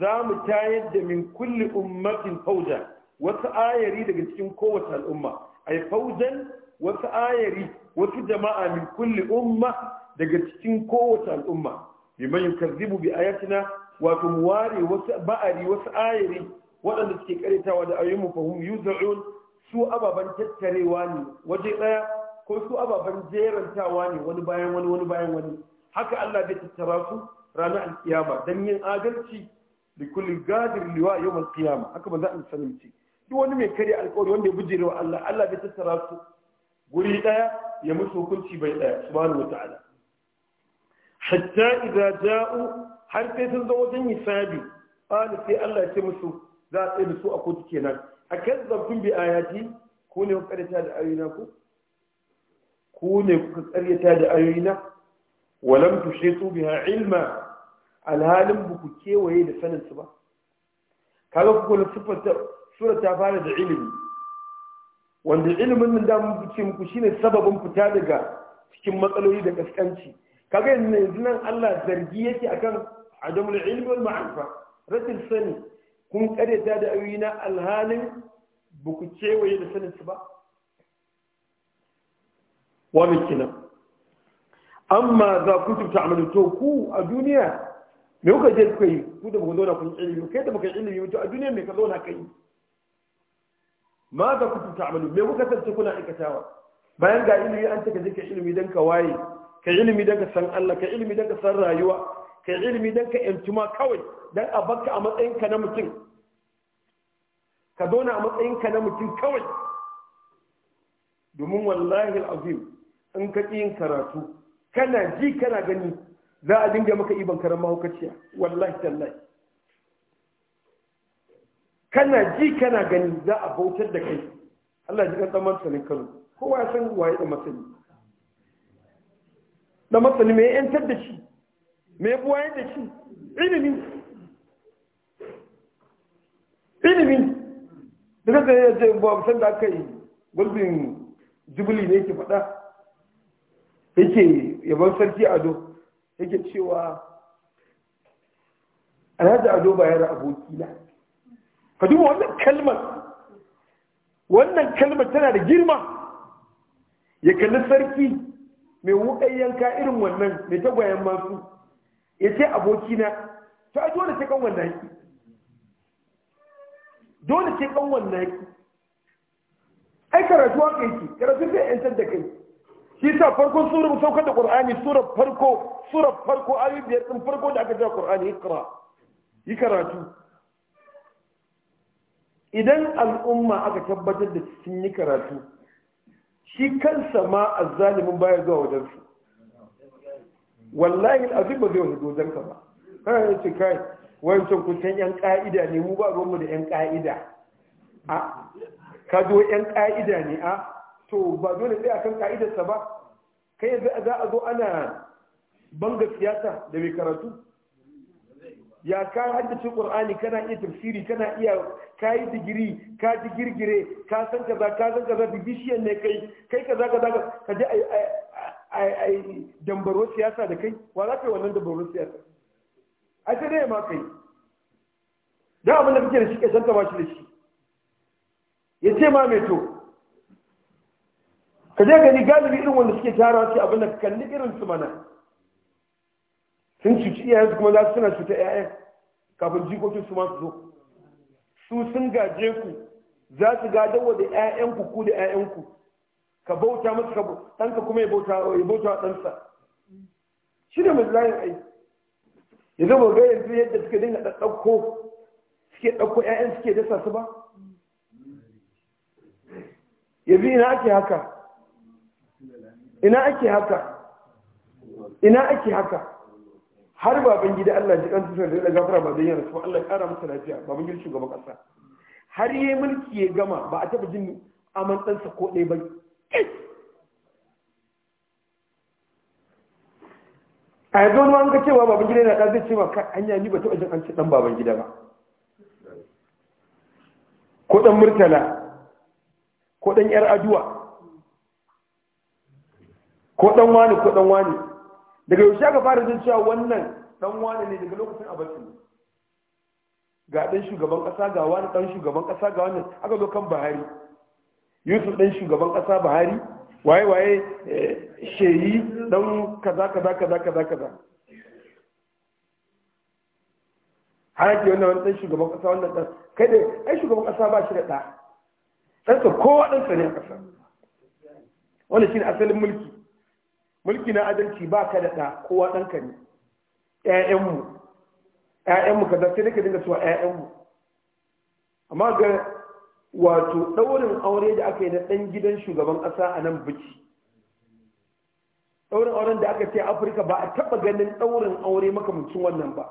za mu tayar da min kulli ummatin fauja wasu ayari daga cikin kowace al'umma ay faujan wasu ayari wasu jama'a min kulli umma daga cikin kowace al'umma liman yukazzibu bi ayatina wato mu ware wasu ba'ari wasu ayari waɗanda suke karitawa da ayoyin mufahum yuz'un su ababan tattarewa ne waje daya ko su ababan jerantawa ne wani bayan wani wani bayan wani haka Allah bai tattara su ranar alkiyama dan yin adalci da kulli gadir liwa yau alkiyama haka ba za a sanin ce duk wani mai karya alkawari wanda ya bujire wa Allah Allah bai tattara su guri daya ya musu hukunci bai daya subhanahu wataala hatta idza ja'u har sai sun zo wajen hisabi qala sai Allah ya ce musu za a tsaye da su a kotu kenan a kazzabtum bi ayati ku ne kuka karyata da ayoyina ku ku ne kuka karyata da ayoyina walam tushitu biha ilma alhalin ba ku kewaye da sanin su ba kaga ku kula sifar ta sura ta fara da ilimi wanda ilimin nan da mun fice muku shine sababin fita daga cikin matsaloli da kaskanci kaga yanzu nan Allah zargi yake akan adamul ilmi wal ma'rifa rashin sani kun karyata da ayoyina alhalin ba ku da sanin ba wa min amma za ku tuta amalu a duniya me kuka je kuka yi ku da ku zauna kun ilimi kai da baka ilimi mutu a duniya me ka zauna kai ma za ku tuta amalu me kuka tantance kuna aikatawa bayan ga ilimi an ce ka je ka ilimi dan ka waye ka san Allah ka ilimi dan san rayuwa kai ilimi don ka yantuma kawai don a baka a matsayinka na mutum ka zauna a matsayinka na mutum kawai domin wallahi al'azim in ka yin karatu kana ji kana gani za a dinga maka iban karan mahaukaciya wallahi tallahi kana ji kana gani za a bautar da kai Allah ji kan tsamar sanin kano kowa ya san waye da masani da masani mai yantar da shi me buwayen da shi ilimi ilimi da kasa ya ce buwa musan da aka yi gulbin jibili ne yake faɗa yake yaban sarki ado yake cewa alhaji ado ba yara abokina ka duba wannan kalmar wannan kalmar tana da girma ya kalli sarki mai wuƙayyanka irin wannan mai tagwayen masu ya ce abokina ta dole sai kanwan naki dole sai kanwan naki ai karatu haka yake karatu zai yantar da kai shi sa farkon surar saukar da ƙur'ani surar farko surar farko ayu biyar din farko da aka jira ƙur'ani ikra yi karatu idan al'umma aka tabbatar da sun yi karatu shi kansa ma azzalimin baya zuwa wajensu wallahi azim ba zai wani dozon ba kai ce kai wancan kuntan yan ka'ida ne mu ba ruwanmu da yan ka'ida a ka zo yan ka'ida ne a to ba dole sai akan ka'idarsa ba kai yanzu za a zo ana banga siyasa da mai karatu ya ka haddace qur'ani kana iya tafsiri kana iya kayi digiri ka digirgire ka san kaza ka san kaza bibishiyan ne kai kai kaza kaza ka je dambaro siyasa da kai wa za ka yi wannan dambaro siyasa ai sai dai ma yi. don abin da kake da shi ke ta ba shi da shi ya ce ma mai to ka je gani galibi irin wanda suke tara su abin da kalli irin su mana sun cuci iyayen su kuma za su suna cuta iyayen kafin jikokin su ma su zo su sun gaje ku za su gadawa da 'ya'yanku ku da 'ya'yanku ka bauta musu ka ɗanka kuma ya bauta a ɗansa shi ne mazlayin ai yanzu ba ga yanzu yadda suke dinga ɗaɗɗauko suke ɗauko ƴaƴan suke dasa su ba yanzu ina ake haka ina ake haka ina ake haka har baban gida Allah ji kan tusar da gafara ba zai yana Allah ya kara masa lafiya baban gida shugaban kasa har yi mulki ya gama ba a taba jin aman ko ɗaya ba a yanzu wani wani cewa baban gida yana ɗan zai ce hanya ni ba taɓa jin an ce ɗan baban gida ba ko ɗan murtala ko ɗan yar aduwa ko ɗan wani ko ɗan wani daga yaushe aka fara jin cewa wannan ɗan wani ne daga lokacin abatin ga ɗan shugaban ƙasa ga wani ɗan shugaban ƙasa ga wani aka zo kan buhari yusuf ɗan shugaban ƙasa buhari waye waye eh, sheyi dan kaza kaza kaza kaza kaza haji wannan wani ɗan shugaban kasa wannan dan kai da ai shugaban kasa ba shi da da dan sa kowa dan sa ne a kasa wannan ne asalin mulki mulki na adalci ba ka da da kowa dan ka ne ƴaƴanmu ƴaƴanmu kaza sai dai ka dinga cewa ƴaƴanmu amma ga wato daurin aure da aka yi na ɗan gidan shugaban kasa a nan buci daurin auren da aka ce afirka ba a taba ganin daurin aure makamancin wannan ba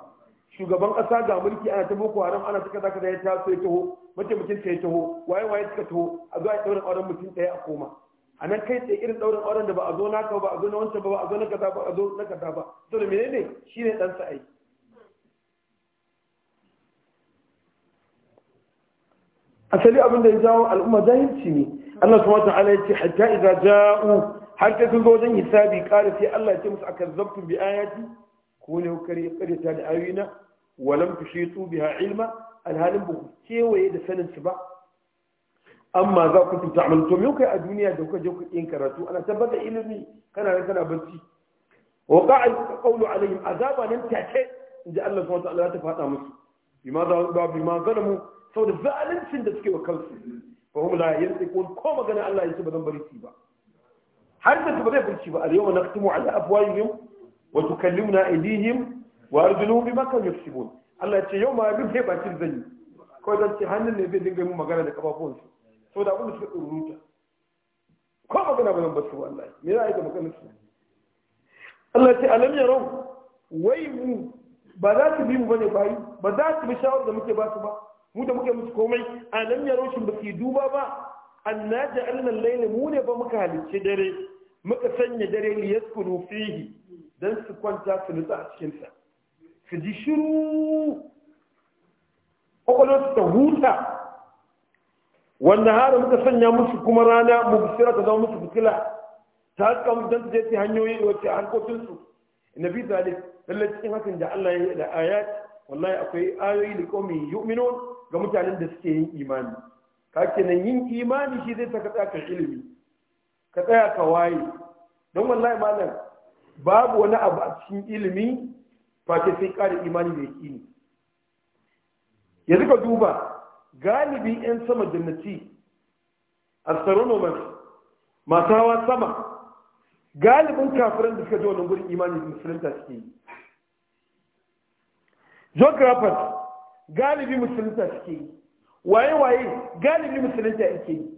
shugaban kasa ga mulki ana ta boko haram ana suka zaka da ya taso ya taho mataimakin ta ya taho waye waye suka taho a zuwa daurin auren mutum ɗaya a koma a nan kai tsaye irin daurin auren da ba a zo naka ba a zo na wancan ba a zo na kaza ba a zo na kaza ba to menene shine dan sa'ai? asali abin da ya jawo al'umma jahilci ne Allah subhanahu wa ta'ala yace hatta idza ja'u har ta sun wajen hisabi ƙara sai Allah ya ce musu akan zabtu bi ayati ko ne kare kareta da ayoyina walam tushitu biha ilma alhalin ba ku kewaye da sanin su ba amma za ku tuta amal to kai a duniya da kuka je ku yin karatu ana tabbata ilimi kana nan kana barci wa qa'a qawlu alaihim azaba nan take inda Allah subhanahu wa ta'ala ta fada musu bima za bima zalamu saboda zaluncin da suke wa kansu fa hum la yantiqun ko magana Allah ya ce ba zan bari su ba har da su ba zai furci ba al yawma naqtimu ala afwahihim wa tukallimuna aydihim wa arjuluhum bima kanu yaksubun Allah ya ce yau ma bin sai bakin zan yi ko zan ce hannun ne zai dinga mu magana da kafafunsu saboda abun da suka tsururuta ko magana ba zan bar su ba Allah me za a yi da maganar su Allah ya ce alam ya rau wai mu ba za su bi mu bane bayi ba za su bi shawar da muke ba su ba mu da muke musu komai a nan yaro ba su duba ba anna ja'alna nan layla mu ne ba muka halicci dare muka sanya dare ya yaskunu fihi don su kwanta su nutsa a cikinsa. su ji shiru kwakwalwar ta huta wanda hara muka sanya musu kuma rana mu bisira ta zama musu fitila ta haska musu don su je su hanyoyi wacce harkokinsu na bi zalik lallai cikin hakan da Allah ya yi da ayat wallahi akwai ayoyi da qaumi yu'minun ga mutanen da suke yin imani ka kenan yin imani shi zai taka tsaka ilimi ka tsaya ka waye don wallahi malam babu wani abu a cikin ilimi ke sai ƙara imani da ne yanzu ka duba galibi 'yan sama jannati astronomers masu hawa sama galibin kafiran da suka ji wannan gurin imani da musulunta suke yi geographers galibi musulunta suke yi waye waye galibi musulunta yake yi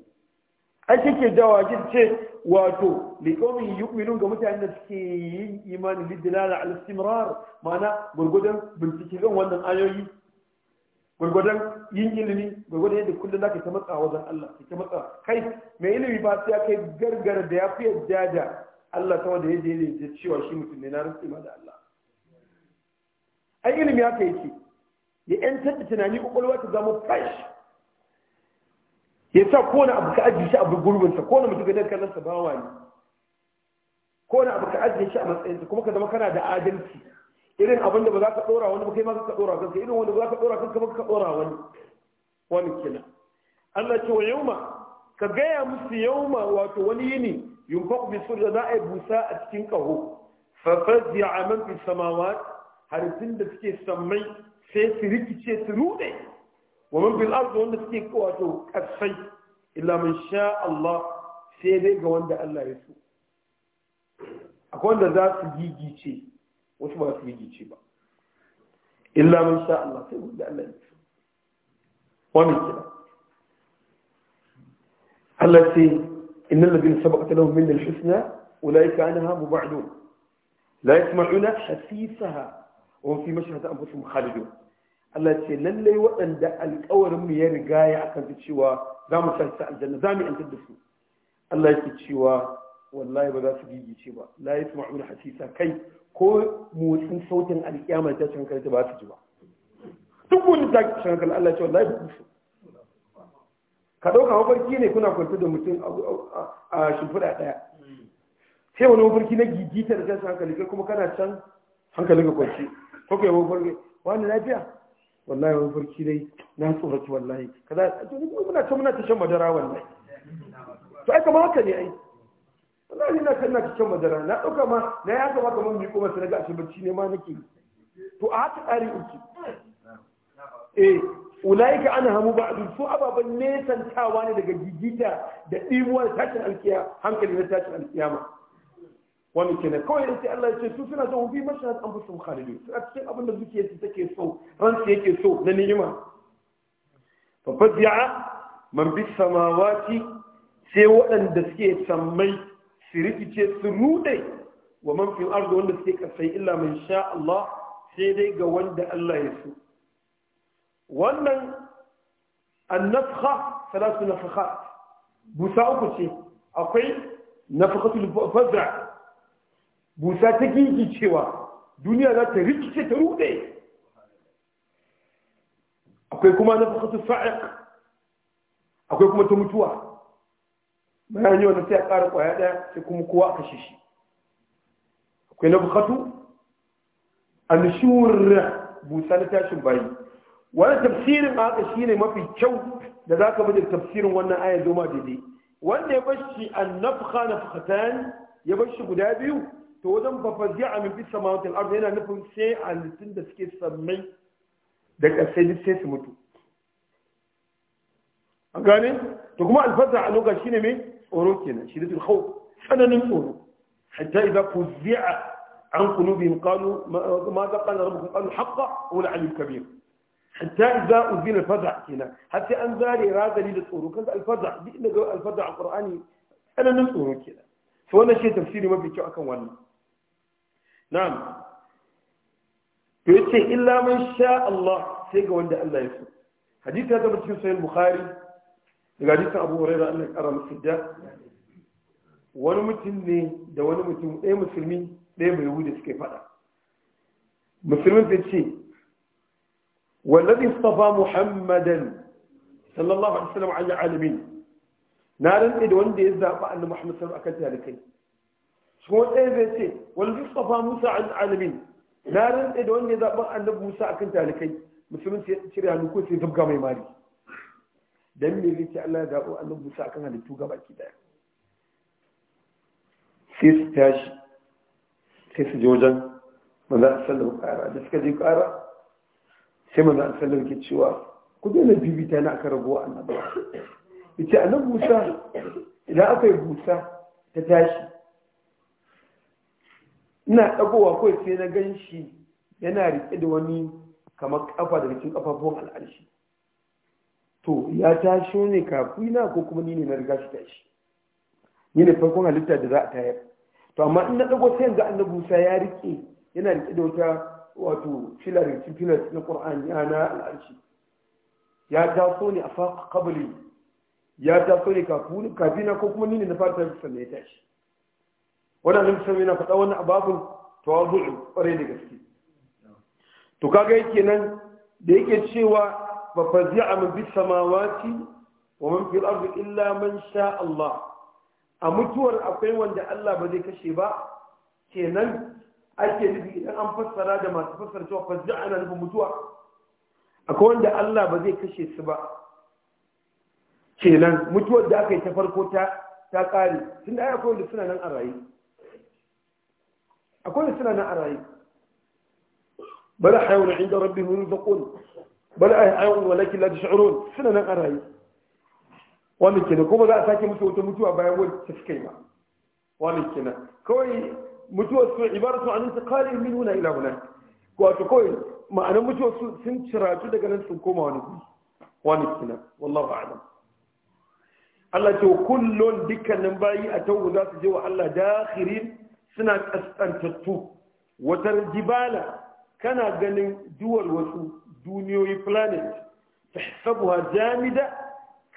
ke kike ce wato liqawmin yu'minun ga mutane da suke yin imani lidilala al istimrar ma'ana gurgudan bincike kan wannan ayoyi gurgudan yin ilimi gurgudan yadda kullum zaka ta matsa wajen Allah ka ta matsa kai mai ilimi ba sai kai gargar da ya fi yadda da Allah sama da yadda yake cewa shi mutum ne na rantsi ma da Allah ai ilimi haka yake ya yantar da tunani kwakwalwa ta zama fresh ya sa kone abu ka ajiye shi abu gurbinsa kone mutu ganin sa bawa ne kone abu ka ajiye shi a matsayinsa kuma ka zama kana da adalci irin abinda ba za ka ɗora wani kai ma ka ɗora kanka irin wanda ba za ka ɗora kanka ba ka ɗora wani wani kina Allah ce wa yauma ka gaya musu yauma wato wani yini yunfaq bi sura za a busa a cikin kaho. fa fazi'a man fi samawat halittun da suke sammai sai su rikice su rude wa man bil ardi wanda suke wato kasai illa man sha Allah sai dai ga wanda Allah ya so akwai wanda za su gigice wasu ba su gigice ba illa man sha Allah sai wanda Allah ya so wannan kira Allah sai innal ladina sabaqat lahum min al-husna ulaika anha mubadun la yasma'una hasisaha وهم في مشهد أنفسهم خالدون Allah ce lallai waɗanda alƙawarinmu ya riga ya akan su cewa za mu sa ta aljanna za mu yantar da su Allah yake cewa wallahi ba za su gigice ba la yasma'u hasisa kai ko motsin sautin alƙiyama ta can karta ba su ji ba duk wani ta can kan Allah ya ce wallahi ba su ka ɗauka mafarki ne kuna kwanta da mutum a shimfiɗa ɗaya sai wani mafarki na gigita da ta tashin hankali kai kuma kana can hankalin ka kwanci ko kai mafarki wani lafiya wallahi wani farki dai na tsoraki wallahi kaza to muna ta muna ta shan madara wallahi to ai ma haka ne ai wallahi na kan na ta shan madara na dauka ma na ya kamata mun bi kuma sai a cikin bacci ne ma nake to a haka tsari uki eh ulaika an hamu ba ba'du su ababan nesantawa ne daga gigita da dibuwar tashin alkiya hankali na tashin alkiyama wani kenan kawai da sai Allah ya ce su suna zama bi mashi an fusu khalidu suna cikin abin da zuciyar su take so ransu yake so na ni'ima fa fadi'a man bi samawati sai waɗanda suke sammai su rikice su rude wa man fil ardi wanda suke kasai illa man sha Allah sai dai ga wanda Allah ya so wannan annafkha salatu nafakhat busa uku ce akwai nafakhatul faz'a busa ta gingi cewa duniya za ta rikice ta rude akwai kuma na fakatu sa'iq akwai kuma ta mutuwa bayan yi wanda sai a ƙara ƙwaya ɗaya sai kuma kowa aka kashe shi akwai na fakatu anshur busa na tashin bayi wani tafsirin haka shi ne mafi kyau da za ka bada tafsirin wannan ayar zoma daidai wanda ya bashi an nafka nafkatan ya bashi guda biyu to wajen bafaziya a mafi samawati al'adu yana nufin sai a halittun da suke sammai da ƙasai duk sai su mutu a gane to kuma alfasa a lokaci shine mai tsoro kenan shi nufin hau tsananin tsoro hatta ku zi'a an kunu bin qalu ma za qala rabbukum qalu haqqa wa al kabir حتى إذا أذن الفزع هنا حتى أن ذاري راد لي للأورو كذا الفزع بإن الفزع القرآني أنا نمسوه to wannan shi tafsiri mafi kyau akan wannan na'am to yace illa man sha Allah sai ga wanda Allah ya so hadisi ta tabbata cikin sahih bukhari daga hadisin Abu Hurairah Allah ya karama sidda wani mutum ne da wani mutum ɗaya musulmi ɗaya mai yahudi suke faɗa musulmin ta ce wallazi istafa muhammadan sallallahu alaihi wasallam ala alamin na rantsa da wanda ya zaba annabi Muhammad sallallahu alaihi wasallam akan talikai shi wani ɗaya zai ce wani yusufa musa an alamin na rantse da wanda ya zaɓi annabi musa akan talikai musulun sai cire hannu ko sai zabga mai mari dan me zai ce Allah ya zaɓi annabi musa akan halittu gaba ki daya sai su tashi sai su je wajen manzo sallallahu alaihi da suka je ƙara sai manzo sallallahu alaihi ke cewa ku daina bibita na aka rabuwa annabi yace annabi musa idan aka yi busa ta tashi ina ɗagowa kawai sai na gan shi yana riƙe da wani kamar ƙafa da cikin ƙafafun al'arshi to ya tashi ne kafina ko kuma ni ne na riga shi tashi ni ne farkon halitta da za a tayar to amma in na ɗago sai yanzu annabi musa ya riƙe yana riƙe da wata wato filar cikin filar na ƙur'an ya na al'arshi ya taso ne a faqa kabali ya taso ne kafina ko kuma ni ne na fara tashi sannan ya tashi wannan annabi sallallahu yana faɗa wani ababun tawazu'u kware da gaske to kaga yake nan da yake cewa fa fazi'a min bis samawati wa man fil ardi illa man sha Allah a mutuwar akwai wanda Allah ba zai kashe ba kenan ake nufi idan an fassara da masu fassara cewa fazi'a ana nufin mutuwa akwai wanda Allah ba zai kashe su ba kenan mutuwar da aka yi ta farko ta ta kare tun da akwai wanda suna nan a rayu akwai suna na a rayu bala hayawun inda rabbi hun zaƙon bala hayawun walakin la tashurun suna nan a rayu wannan kenan kuma za sake musu wata mutuwa bayan wacce suka yi ba kenan kawai mutuwar su ibaratu an intiqali min huna ila huna wato kawai ma'anar mutuwar su sun ciratu daga nan sun koma wani guri kenan Allah bayi a tawu za je wa Allah dakhirin suna ƙasƙantattu watar jibala kana ganin duwar wasu duniyoyi planet ta sabuwa jamida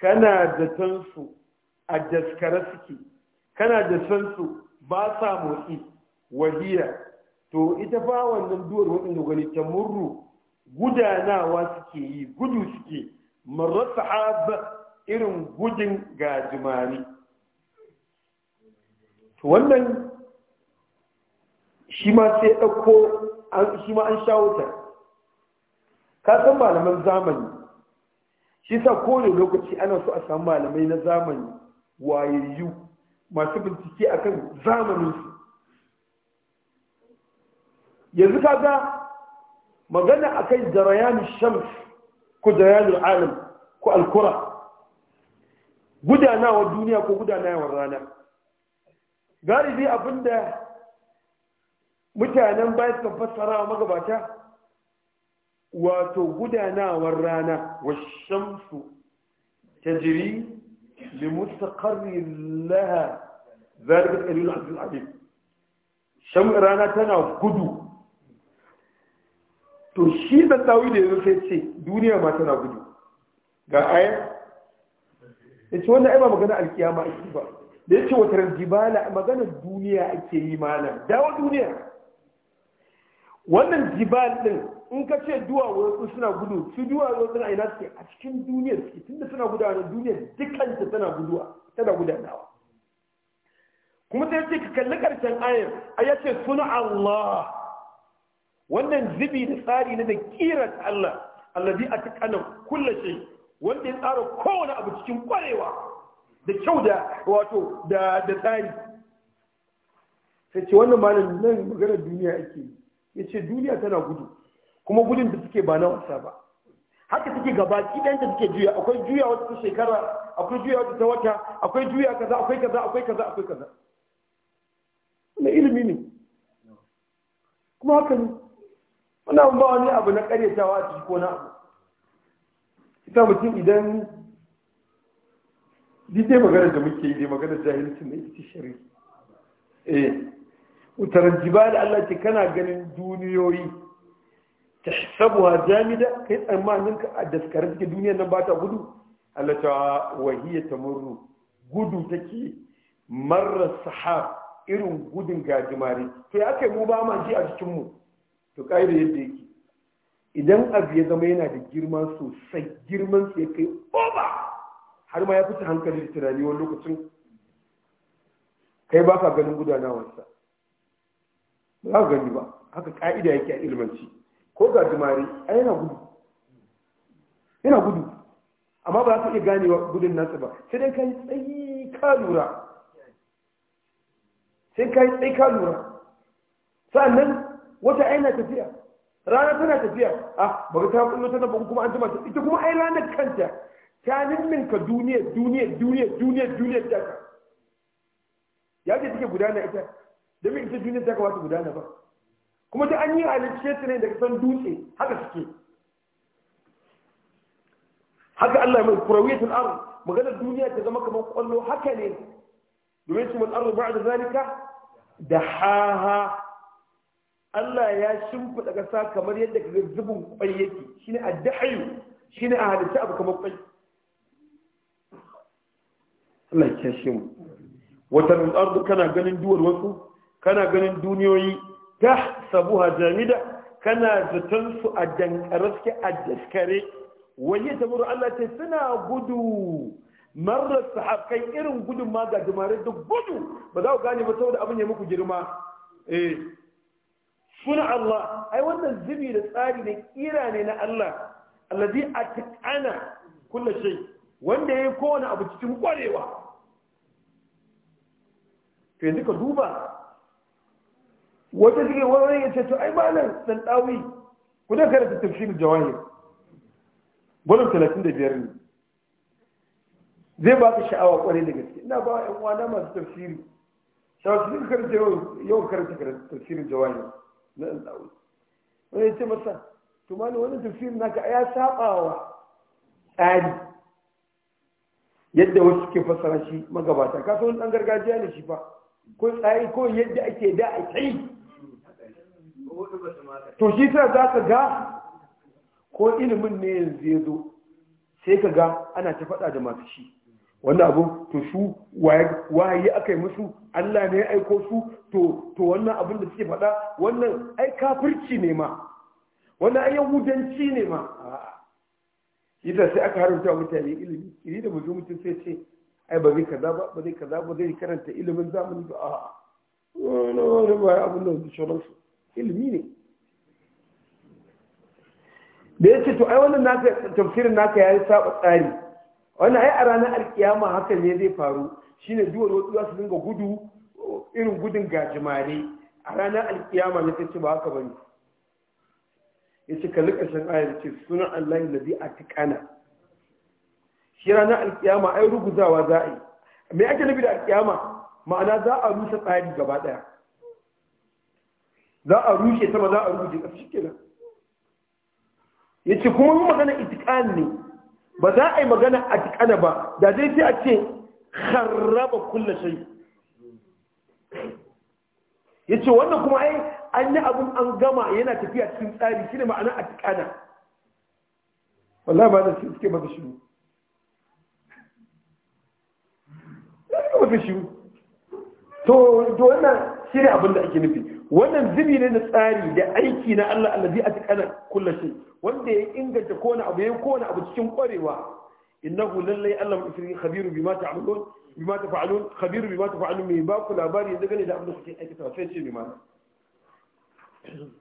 kana da sansu a daskara suke kana da sansu ba sa motsi wahiya to ita fa wannan duwar waɗanda gani ta murru gudanawa suke yi gudu suke marasa irin gudun gajimari wannan shi ma sai ɗauko shi ma an sha ka san malaman zamani shi sa kowane lokaci ana so a samu malamai na zamani wayayyu masu bincike akan zamaninsu yanzu ka ga magana a kai jarayanu shams ko jarayanu alam ko alkura gudanawar duniya ko gudanawar rana galibi abinda mutanen baya suka fassara wa magabata wato gudanawar rana wa shamsu ta jiri da mustaqarrin laha zargar ɗalil abdul abin shan rana tana gudu to shi da tsawi da yanzu sai ce duniya ma tana gudu ga aya ya ce wannan aiba magana alkiyama ake ba da ya ce wata rajibala magana duniya ake yi mana? dawa duniya wannan jibal din in ka ce su suna gudu su duwawar suna ina suke a cikin duniyar suke tunda suna gudana na duniyar ta tana guduwa tana gudanawa kuma sai ce ka kalli karshen ayar a ya ce suna Allah wannan zibi da tsari na da kiran Allah allazi a ta kanan kulla shi wanda ya tsara kowane abu cikin kwarewa da kyau da wato da tsari sai ce wannan malamin nan maganar duniya ake yi ya ce duniya tana gudu kuma gudun da suke ba na wasa ba haka take gaba kidan da suke juya akwai juya wata shekara akwai juya wata ta wata akwai juya kaza akwai kaza akwai kaza akwai kaza na ilimi ne kuma haka ne wani abu ba wani abu na karyatawa a ciki ko na abu ita mutum idan dai magana da muke yi dai magana jahilci ne ita shari'a eh utarar jibali Allah ce kana ganin duniyoyi ta sabuwa jamida kai tsammanin ka a daskarar cikin duniyar nan ba ta gudu Allah ta wahiyar ta murnu gudu take marasa ha irin gudun gajimare to ya kai mu ba ma ji a cikinmu to ƙa'ida yadda yake idan abu ya zama yana da girma sosai girman su ya kai oba har ma ya fita hankali da tunani wani lokacin kai ba ka ganin gudanawarsa ba za ku gani ba haka ka'ida yake a ilmanci ko ga jimare a yana gudu yana gudu amma ba za ka iya wa gudun nasa ba sai dai ka yi tsayi ka lura sai ka yi tsayi ka lura sa'annan wata aina tafiya rana tana tafiya a ah, ba ta kullu ta tabbaku kuma an jima ta ita kuma aina ranar kanta ta nimminka duniya duniya duniya duniya duniya ta ya ce take gudana ita domin ita duniya ta kawata gudana ba kuma ta an yi halicce ta ne daga san dutse haka suke haka Allah mai kurawiyatul ard Maganar duniya ta zama kamar kwallo haka ne domin su matsar ba'da zalika da haha Allah ya shimfida ƙasa kamar yadda kaga zubin kwai yake shine shi ne a halitta abu kamar kwai Allah ya kashe mu wata ardu kana ganin duwar wasu kana ganin duniyoyi ta sabuha jamida kana zaton su a dankare a daskare waye ta Allah ce suna gudu marasa sahabkai irin gudun ma ga dumare duk gudu ba za ku gane ba saboda abin ya muku girma eh. suna Allah ai wannan zubi da tsari ne kira ne na Allah allazi ƙana kullu shai. wanda yayi kowane abu cikin kwarewa Ka yanzu ka duba wata suke wani ya ce to ai malam dan dawi ku da karanta tafsir jawahir gwanin talatin da biyar ne zai ba ka sha'awa kwarai da gaske ina ba yan uwa na masu tafsiri shawar su karanta yau karanta tafsirin jawahir na dan dawi wani ya ce masa to malam wannan tafsirin naka ya sabawa wa tsari yadda wasu ke fassara shi magabata ka san wani dan gargajiya ne shi fa ko tsari ko yadda ake da a kai to shi ta za ka ga ko ilimin ne yanzu ya zo sai ka ga ana ta faɗa da masu shi wannan abu to su waye aka yi musu Allah ne ya aiko su to wannan abin da suke faɗa wannan ai kafirci ne ma wannan ai yahudanci ne ma ita sai aka haramta mutane ilimi iri da mutum mutum sai ce ai ba zai kaza ba ba zai kaza ba zai karanta ilimin zamani ba a'a wani ba abin da wani sauransu ilimi ne da ya ce to ai wannan naka tafsirin naka ya yi saba tsari wannan ai a ranar alkiyama haka ne zai faru shine duwar wasu za su dinga gudu irin gudun gajimare a ranar alkiyama ne sai ce ba haka bane ya ce kalli ƙarshen ayar ce sunan Allah yi lazi a tikana shi ranar alkiyama ai ruguzawa za a yi me ake nabi da alkiyama ma'ana za a rusa tsari gaba ɗaya za a rushe sama za a rushe ƙasa shi Ya ce kuma mun magana itiqan ne ba za a yi magana a atiqana ba da zai fi a ce harraba kharraba kullu Ya ce wannan kuma ai an yi abun an gama yana tafiya cikin tsari shine ma'ana a atiqana wallahi ba da shi suke ba shi ba shi shiru. to wannan shine abin da ake nufi wannan zubi ne na tsari da aiki na Allah allazi a atqana kullu shi wanda ya inganta kowane abu ya kowane abu cikin kwarewa innahu lallai Allah mutri khabiru bima ta'malun bima tafa'alun khabiru bima tafa'alun mai ba labari da gane da abin da kuke ta sai ce mai mana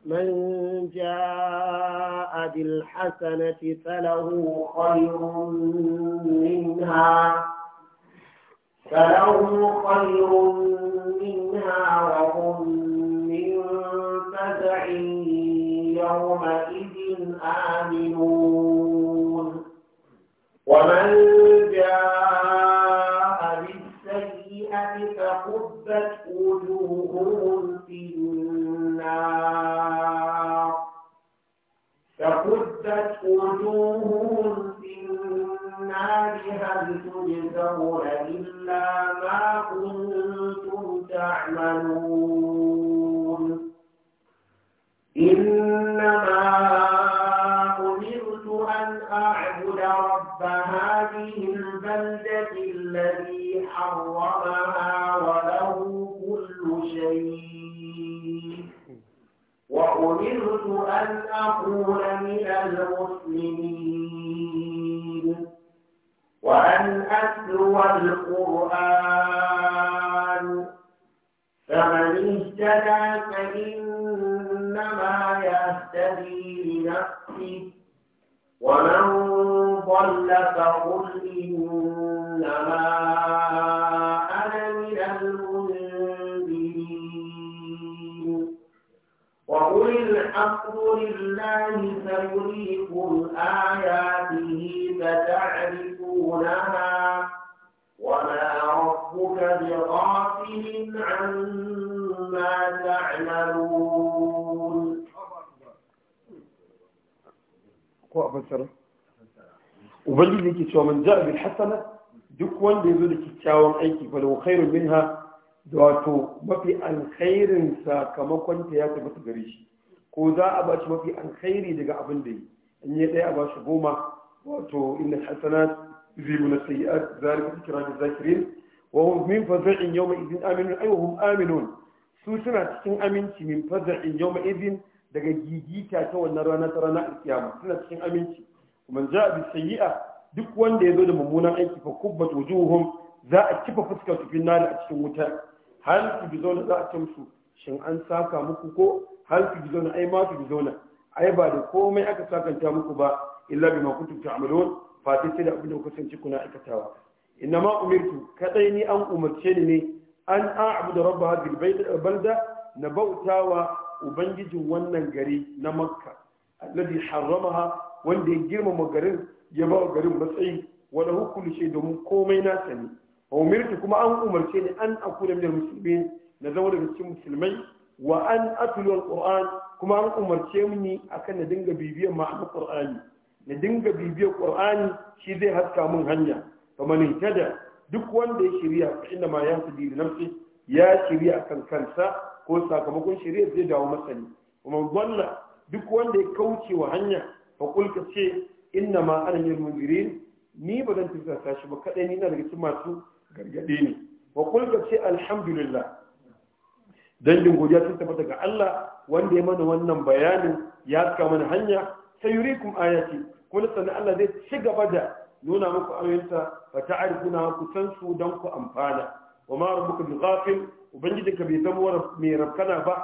من جاء بالحسنة فله خير منها فله خير منها وهم جزع يومئذ آمنون ومن جاء بالسيئة فكبت وجوههم في النار فكبت وجوههم في النار هل تجزون إلا ما كنتم أكون من المسلمين وأن أتلو القرآن فمن اهتدى فإنما يهتدي لنفسه ومن ضل فقل إنما لله سيريكم آياته فتعرفونها وما ربك بغافل عما تعملون وبلغني كتاب من جاء بالحسنة دك وان بيزول كتاب أيك فلو خير منها دواتو ما في الخير إنسا كما كنت يا تبت غريشي ko za a bashi mafi alkhairi daga abin da yi in yi ɗaya a bashi goma wato inna hasanat yuzibu na sayyi'at zalika dhikra lil zakirin wa hum min faz'in yawma idhin aminun ay hum aminun su suna cikin aminci min faz'in yawma izin daga gigita ta wannan rana ta ranar alkiyama suna cikin aminci kuma za a bi sayyi'a duk wanda ya zo da mummunan aiki fa kubbat wujuhum za a kifa fuskar su finna a cikin wuta hal su bi zauna za a tamsu shin an saka muku ko hal gizo zauna ai ma gizo na? ai ba da komai aka sakanta muku ba illa bima kuntum ta'malun fa ta ce da abin da sanci kuna aikatawa inna ma umirtu kadai ni an umarce ni ne an a'budu rabba hadhihi balda na bautawa ubangijin wannan gari na makka alladhi harramaha wanda ya girmama garin ya ba garin matsayi wala hukulu shi domin komai na sani umirtu kuma an umarce ni an akuna min musulmi na zama daga cikin musulmai wa an atlu alquran kuma an umarce ni akan na dinga bibiyar ma'anar qur'ani na dinga bibiyar qur'ani shi zai haska mun hanya kamar tada duk wanda ya shirya fa inna ma yahtadi li nafsi ya shirya akan kansa ko sakamakon shirya zai dawo matsali. kuma walla duk wanda ya kauce wa hanya fa kulka ce inna ma ana yin ni ba zan tafi shi ba kadai ni na daga cikin masu gargade ne wa kulka ce alhamdulillah dangin godiya sun tabbata ga Allah wanda ya mana wannan bayanin ya saka mana hanya sayurikum ayati kuma sannan Allah zai ci gaba da nuna muku ayoyinsa fa ta'rifuna ku san su dan ku amfana wa ma rabbuka bi ghafil ubangijinka bai zama mai rafkana ba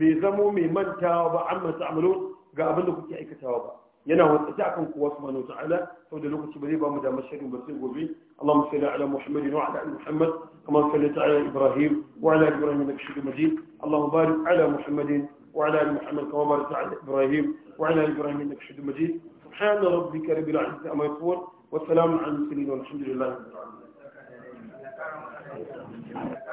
bai zamo mai mantawa ba amma ta'malun ga abin da kuke aikatawa ba yana wata akan ku wasu manu ta'ala saboda lokaci ba zai ba mu da shirin ba sai gobe اللهم صل على محمد وعلى ال محمد كما صليت على ابراهيم وعلى ال ابراهيم انك حميد مجيد اللهم بارك على محمد وعلى ال محمد كما باركت على ابراهيم وعلى ال ابراهيم انك حميد مجيد سبحان ربك رب العزه عما يصفون والسلام على المرسلين والحمد لله رب العالمين